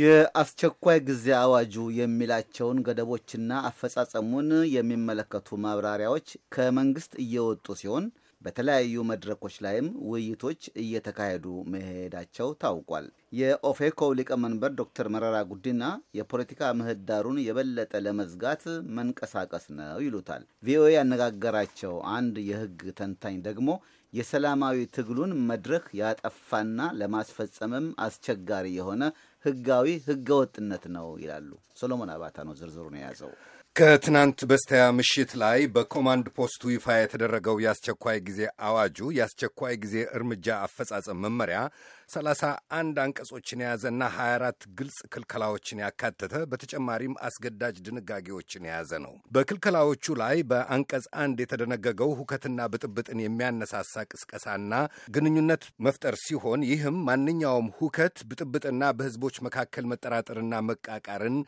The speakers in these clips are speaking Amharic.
የአስቸኳይ ጊዜ አዋጁ የሚላቸውን ገደቦችና አፈጻጸሙን የሚመለከቱ ማብራሪያዎች ከመንግስት እየወጡ ሲሆን በተለያዩ መድረኮች ላይም ውይይቶች እየተካሄዱ መሄዳቸው ታውቋል። የኦፌኮው ሊቀመንበር ዶክተር መረራ ጉዲና የፖለቲካ ምህዳሩን የበለጠ ለመዝጋት መንቀሳቀስ ነው ይሉታል። ቪኦኤ ያነጋገራቸው አንድ የህግ ተንታኝ ደግሞ የሰላማዊ ትግሉን መድረክ ያጠፋና ለማስፈጸምም አስቸጋሪ የሆነ ህጋዊ ህገወጥነት ነው ይላሉ። ሶሎሞን አባታ ነው ዝርዝሩን የያዘው። ከትናንት በስቲያ ምሽት ላይ በኮማንድ ፖስቱ ይፋ የተደረገው የአስቸኳይ ጊዜ አዋጁ የአስቸኳይ ጊዜ እርምጃ አፈጻጸም መመሪያ 31 አንቀጾችን የያዘና 24 ግልጽ ክልከላዎችን ያካተተ በተጨማሪም አስገዳጅ ድንጋጌዎችን የያዘ ነው። በክልከላዎቹ ላይ በአንቀጽ አንድ የተደነገገው ሁከትና ብጥብጥን የሚያነሳሳ ቅስቀሳና ግንኙነት መፍጠር ሲሆን ይህም ማንኛውም ሁከት ብጥብጥና በሕዝቦች መካከል መጠራጠርና መቃቃርን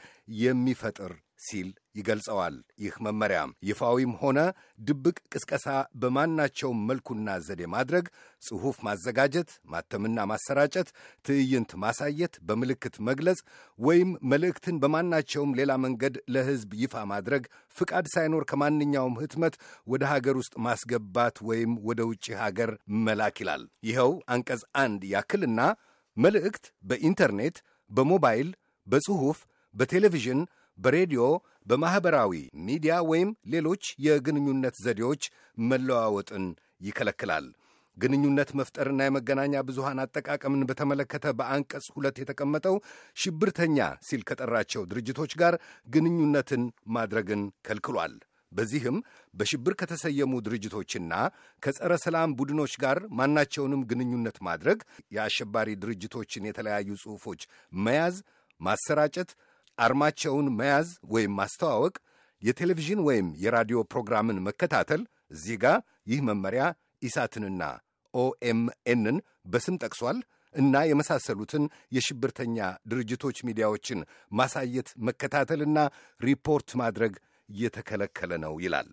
የሚፈጥር ሲል ይገልጸዋል። ይህ መመሪያ ይፋዊም ሆነ ድብቅ ቅስቀሳ በማናቸውም መልኩና ዘዴ ማድረግ፣ ጽሑፍ ማዘጋጀት፣ ማተምና ማሰራጨት፣ ትዕይንት ማሳየት፣ በምልክት መግለጽ ወይም መልእክትን በማናቸውም ሌላ መንገድ ለሕዝብ ይፋ ማድረግ፣ ፍቃድ ሳይኖር ከማንኛውም ህትመት ወደ ሀገር ውስጥ ማስገባት ወይም ወደ ውጭ ሀገር መላክ ይላል። ይኸው አንቀጽ አንድ ያክልና መልእክት በኢንተርኔት፣ በሞባይል፣ በጽሑፍ፣ በቴሌቪዥን በሬዲዮ በማኅበራዊ ሚዲያ ወይም ሌሎች የግንኙነት ዘዴዎች መለዋወጥን ይከለክላል። ግንኙነት መፍጠርና የመገናኛ ብዙሃን አጠቃቀምን በተመለከተ በአንቀጽ ሁለት የተቀመጠው ሽብርተኛ ሲል ከጠራቸው ድርጅቶች ጋር ግንኙነትን ማድረግን ከልክሏል። በዚህም በሽብር ከተሰየሙ ድርጅቶችና ከጸረ ሰላም ቡድኖች ጋር ማናቸውንም ግንኙነት ማድረግ፣ የአሸባሪ ድርጅቶችን የተለያዩ ጽሑፎች መያዝ፣ ማሰራጨት አርማቸውን መያዝ ወይም ማስተዋወቅ፣ የቴሌቪዥን ወይም የራዲዮ ፕሮግራምን መከታተል እዚህ ጋ ይህ መመሪያ ኢሳትንና ኦኤምኤንን በስም ጠቅሷል እና የመሳሰሉትን የሽብርተኛ ድርጅቶች ሚዲያዎችን ማሳየት መከታተልና ሪፖርት ማድረግ እየተከለከለ ነው ይላል።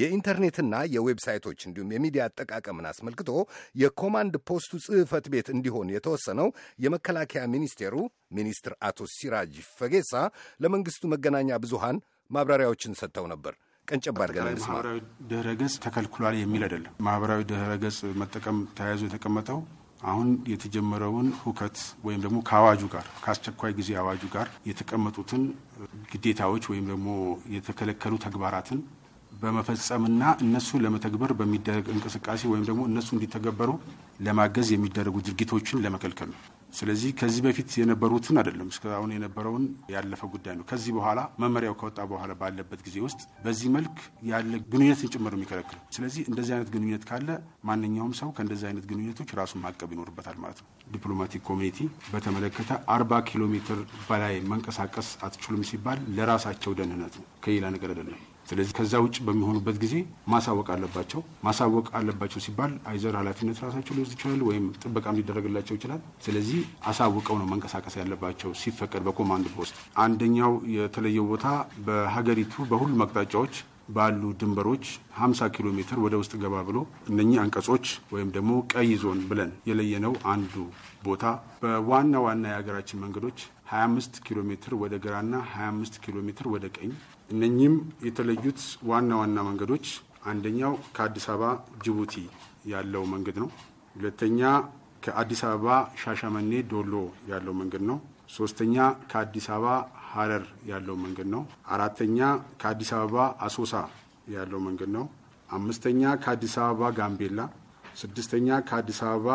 የኢንተርኔትና የዌብሳይቶች እንዲሁም የሚዲያ አጠቃቀምን አስመልክቶ የኮማንድ ፖስቱ ጽህፈት ቤት እንዲሆን የተወሰነው የመከላከያ ሚኒስቴሩ ሚኒስትር አቶ ሲራጅ ፈጌሳ ለመንግስቱ መገናኛ ብዙሃን ማብራሪያዎችን ሰጥተው ነበር። ቀንጨብ አድርገን ማህበራዊ ገጽ ተከልክሏል የሚል አይደለም። ማህበራዊ ገጽ መጠቀም ተያይዞ የተቀመጠው አሁን የተጀመረውን ሁከት ወይም ደግሞ ከአዋጁ ጋር ከአስቸኳይ ጊዜ አዋጁ ጋር የተቀመጡትን ግዴታዎች ወይም ደግሞ የተከለከሉ ተግባራትን በመፈጸምና እነሱ ለመተግበር በሚደረግ እንቅስቃሴ ወይም ደግሞ እነሱ እንዲተገበሩ ለማገዝ የሚደረጉ ድርጊቶችን ለመከልከል ነው። ስለዚህ ከዚህ በፊት የነበሩትን አይደለም እስካሁን የነበረውን ያለፈ ጉዳይ ነው። ከዚህ በኋላ መመሪያው ከወጣ በኋላ ባለበት ጊዜ ውስጥ በዚህ መልክ ያለ ግንኙነትን ጭምር የሚከለክል ስለዚህ እንደዚህ አይነት ግንኙነት ካለ ማንኛውም ሰው ከእንደዚህ አይነት ግንኙነቶች ራሱን ማቀብ ይኖርበታል ማለት ነው። ዲፕሎማቲክ ኮሚኒቲ በተመለከተ አርባ ኪሎ ሜትር በላይ መንቀሳቀስ አትችሉም ሲባል ለራሳቸው ደህንነት ነው፣ ከሌላ ነገር አይደለም። ስለዚህ ከዛ ውጭ በሚሆኑበት ጊዜ ማሳወቅ አለባቸው። ማሳወቅ አለባቸው ሲባል አይዘር ኃላፊነት ራሳቸው ሊወስድ ይችላል፣ ወይም ጥበቃም ሊደረግላቸው ይችላል። ስለዚህ አሳውቀው ነው መንቀሳቀስ ያለባቸው ሲፈቀድ በኮማንድ ፖስት። አንደኛው የተለየው ቦታ በሀገሪቱ በሁሉም አቅጣጫዎች ባሉ ድንበሮች 50 ኪሎ ሜትር ወደ ውስጥ ገባ ብሎ እነኚህ አንቀጾች ወይም ደግሞ ቀይ ዞን ብለን የለየነው አንዱ ቦታ በዋና ዋና የሀገራችን መንገዶች 25 ኪሎ ሜትር ወደ ግራና 25 ኪሎ ሜትር ወደ ቀኝ። እነኚህም የተለዩት ዋና ዋና መንገዶች አንደኛው ከአዲስ አበባ ጅቡቲ ያለው መንገድ ነው። ሁለተኛ ከአዲስ አበባ ሻሸመኔ ዶሎ ያለው መንገድ ነው። ሶስተኛ ከአዲስ አበባ ሀረር ያለው መንገድ ነው። አራተኛ ከአዲስ አበባ አሶሳ ያለው መንገድ ነው። አምስተኛ ከአዲስ አበባ ጋምቤላ፣ ስድስተኛ ከአዲስ አበባ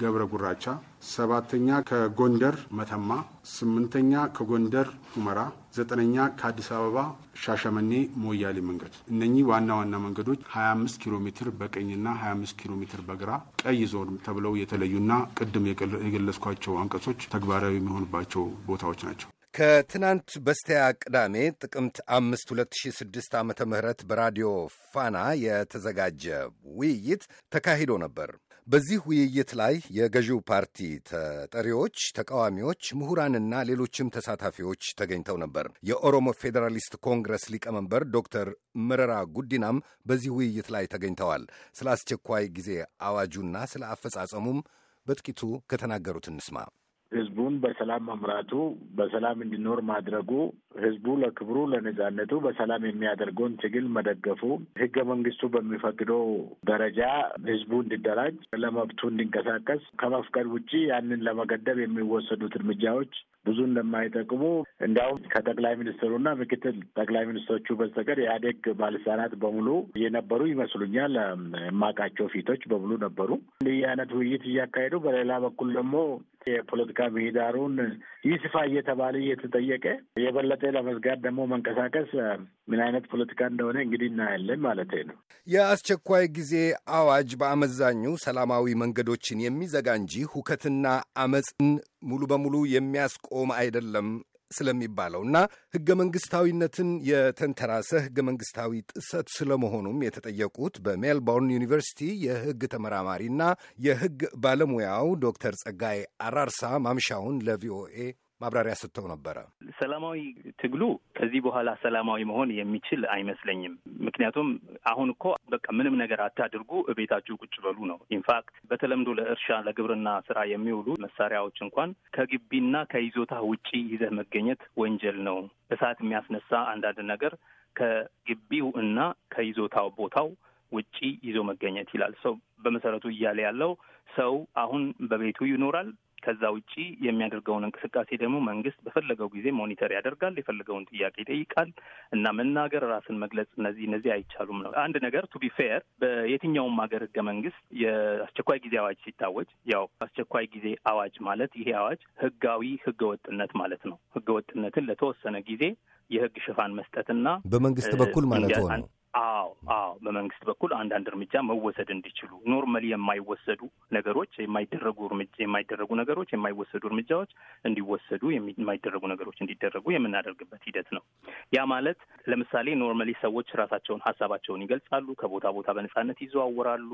ገብረ ጉራቻ፣ ሰባተኛ ከጎንደር መተማ፣ ስምንተኛ ከጎንደር ሁመራ፣ ዘጠነኛ ከአዲስ አበባ ሻሸመኔ ሞያሌ መንገድ። እነኚህ ዋና ዋና መንገዶች 25 ኪሎ ሜትር በቀኝና 25 ኪሎ ሜትር በግራ ቀይ ዞን ተብለው የተለዩና ቅድም የገለጽኳቸው አንቀጾች ተግባራዊ የሚሆኑባቸው ቦታዎች ናቸው። ከትናንት በስቲያ ቅዳሜ ጥቅምት 5 2006 ዓ ም በራዲዮ ፋና የተዘጋጀ ውይይት ተካሂዶ ነበር። በዚህ ውይይት ላይ የገዢው ፓርቲ ተጠሪዎች፣ ተቃዋሚዎች፣ ምሁራንና ሌሎችም ተሳታፊዎች ተገኝተው ነበር። የኦሮሞ ፌዴራሊስት ኮንግረስ ሊቀመንበር ዶክተር መረራ ጉዲናም በዚህ ውይይት ላይ ተገኝተዋል። ስለ አስቸኳይ ጊዜ አዋጁና ስለ አፈጻጸሙም በጥቂቱ ከተናገሩት እንስማ። ህዝቡን በሰላም መምራቱ፣ በሰላም እንዲኖር ማድረጉ፣ ህዝቡ ለክብሩ ለነጻነቱ በሰላም የሚያደርገውን ትግል መደገፉ፣ ህገ መንግስቱ በሚፈቅደው ደረጃ ህዝቡ እንዲደራጅ፣ ለመብቱ እንዲንቀሳቀስ ከመፍቀድ ውጭ ያንን ለመገደብ የሚወሰዱት እርምጃዎች ብዙ እንደማይጠቅሙ እንዲያውም ከጠቅላይ ሚኒስትሩና ምክትል ጠቅላይ ሚኒስትሮቹ በስተቀር የኢህአዴግ ባለስልጣናት በሙሉ የነበሩ ይመስሉኛል። የማውቃቸው ፊቶች በሙሉ ነበሩ። ይህ አይነት ውይይት እያካሄዱ፣ በሌላ በኩል ደግሞ የፖለቲካ ምህዳሩን ይስፋ እየተባለ እየተጠየቀ የበለጠ ለመዝጋት ደግሞ መንቀሳቀስ ምን አይነት ፖለቲካ እንደሆነ እንግዲህ እናያለን ማለት ነው። የአስቸኳይ ጊዜ አዋጅ በአመዛኙ ሰላማዊ መንገዶችን የሚዘጋ እንጂ ሁከትና አመፅን ሙሉ በሙሉ የሚያስቆም አይደለም ስለሚባለው እና ህገ መንግስታዊነትን የተንተራሰ ህገ መንግስታዊ ጥሰት ስለመሆኑም የተጠየቁት በሜልቦርን ዩኒቨርሲቲ የህግ ተመራማሪና የህግ ባለሙያው ዶክተር ጸጋይ አራርሳ ማምሻውን ለቪኦኤ ማብራሪያ ሰጥተው ነበረ። ሰላማዊ ትግሉ ከዚህ በኋላ ሰላማዊ መሆን የሚችል አይመስለኝም። ምክንያቱም አሁን እኮ በቃ ምንም ነገር አታድርጉ፣ እቤታችሁ ቁጭ በሉ ነው። ኢንፋክት በተለምዶ ለእርሻ ለግብርና ስራ የሚውሉ መሳሪያዎች እንኳን ከግቢና ከይዞታ ውጪ ይዘህ መገኘት ወንጀል ነው። እሳት የሚያስነሳ አንዳንድ ነገር ከግቢው እና ከይዞታው ቦታው ውጪ ይዞ መገኘት ይላል። ሰው በመሰረቱ እያለ ያለው ሰው አሁን በቤቱ ይኖራል ከዛ ውጪ የሚያደርገውን እንቅስቃሴ ደግሞ መንግስት በፈለገው ጊዜ ሞኒተር ያደርጋል፣ የፈለገውን ጥያቄ ይጠይቃል እና መናገር፣ ራስን መግለጽ እነዚህ እነዚህ አይቻሉም ነው። አንድ ነገር ቱ ቢ ፌር በየትኛውም ሀገር ህገ መንግስት የአስቸኳይ ጊዜ አዋጅ ሲታወጅ ያው አስቸኳይ ጊዜ አዋጅ ማለት ይሄ አዋጅ ህጋዊ ህገወጥነት ማለት ነው። ወጥነትን ለተወሰነ ጊዜ የህግ ሽፋን መስጠትና በመንግስት በኩል ማለት ነው አዎ አዎ፣ በመንግስት በኩል አንዳንድ እርምጃ መወሰድ እንዲችሉ ኖርማሊ የማይወሰዱ ነገሮች የማይደረጉ እርምጃ የማይደረጉ ነገሮች የማይወሰዱ እርምጃዎች እንዲወሰዱ የማይደረጉ ነገሮች እንዲደረጉ የምናደርግበት ሂደት ነው። ያ ማለት ለምሳሌ ኖርማሊ ሰዎች ራሳቸውን ሀሳባቸውን ይገልጻሉ፣ ከቦታ ቦታ በነጻነት ይዘዋወራሉ፣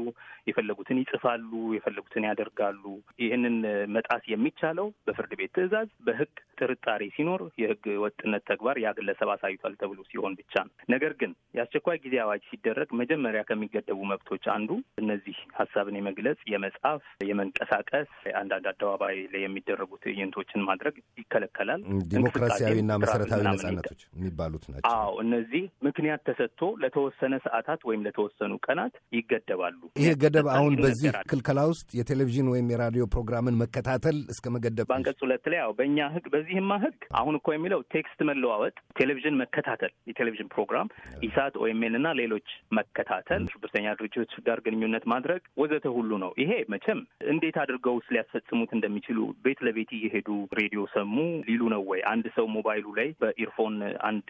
የፈለጉትን ይጽፋሉ፣ የፈለጉትን ያደርጋሉ። ይህንን መጣስ የሚቻለው በፍርድ ቤት ትዕዛዝ፣ በህግ ጥርጣሬ ሲኖር የህግ ወጥነት ተግባር ያ ግለሰብ አሳይቷል ተብሎ ሲሆን ብቻ ነው። ነገር ግን የአስቸኳይ ጊዜ ጊዜ አዋጅ ሲደረግ መጀመሪያ ከሚገደቡ መብቶች አንዱ እነዚህ ሀሳብን የመግለጽ፣ የመጻፍ፣ የመንቀሳቀስ አንዳንድ አደባባይ ላይ የሚደረጉ ትዕይንቶችን ማድረግ ይከለከላል። ዲሞክራሲያዊና መሰረታዊ ነጻነቶች የሚባሉት ናቸው። አዎ እነዚህ ምክንያት ተሰጥቶ ለተወሰነ ሰዓታት ወይም ለተወሰኑ ቀናት ይገደባሉ። ይሄ ገደብ አሁን በዚህ ክልከላ ውስጥ የቴሌቪዥን ወይም የራዲዮ ፕሮግራምን መከታተል እስከ መገደብ በአንቀጽ ሁለት ላይ ያው በእኛ ህግ በዚህማ ህግ አሁን እኮ የሚለው ቴክስት መለዋወጥ፣ ቴሌቪዥን መከታተል፣ የቴሌቪዥን ፕሮግራም ኢሳት ወይም እና ሌሎች መከታተል፣ ሽብርተኛ ድርጅቶች ጋር ግንኙነት ማድረግ ወዘተ ሁሉ ነው። ይሄ መቼም እንዴት አድርገውስ ሊያስፈጽሙት እንደሚችሉ ቤት ለቤት እየሄዱ ሬዲዮ ሰሙ ሊሉ ነው ወይ? አንድ ሰው ሞባይሉ ላይ በኢርፎን አንድ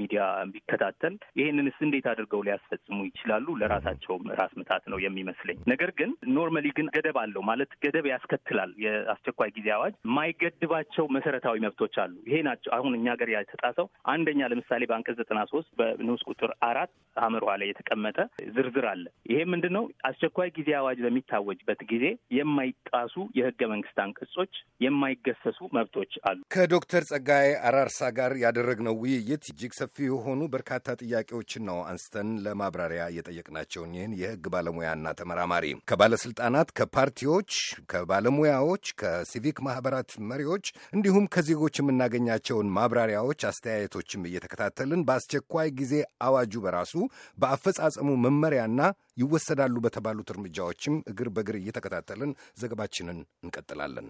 ሚዲያ ቢከታተል ይሄንንስ እንዴት አድርገው ሊያስፈጽሙ ይችላሉ? ለራሳቸውም ራስ ምታት ነው የሚመስለኝ። ነገር ግን ኖርማሊ ግን ገደብ አለው ማለት ገደብ ያስከትላል። የአስቸኳይ ጊዜ አዋጅ የማይገድባቸው መሰረታዊ መብቶች አሉ። ይሄ ናቸው አሁን እኛ ሀገር የተጣሰው አንደኛ፣ ለምሳሌ በአንቀጽ ዘጠና ሶስት በንዑስ ቁጥር አራት ሀመር ላይ የተቀመጠ ዝርዝር አለ። ይሄ ምንድን ነው? አስቸኳይ ጊዜ አዋጅ በሚታወጅበት ጊዜ የማይጣሱ የህገ መንግስት አንቀጾች፣ የማይገሰሱ መብቶች አሉ። ከዶክተር ጸጋዬ አራርሳ ጋር ያደረግነው ውይይት እጅግ ሰፊ የሆኑ በርካታ ጥያቄዎችን ነው አንስተን ለማብራሪያ የጠየቅናቸውን ይህን የህግ ባለሙያና ተመራማሪ ከባለስልጣናት፣ ከፓርቲዎች፣ ከባለሙያዎች፣ ከሲቪክ ማህበራት መሪዎች እንዲሁም ከዜጎች የምናገኛቸውን ማብራሪያዎች፣ አስተያየቶችም እየተከታተልን በአስቸኳይ ጊዜ አዋጁ በራሱ ራሱ በአፈጻጸሙ መመሪያና ይወሰዳሉ በተባሉት እርምጃዎችም እግር በእግር እየተከታተልን ዘገባችንን እንቀጥላለን።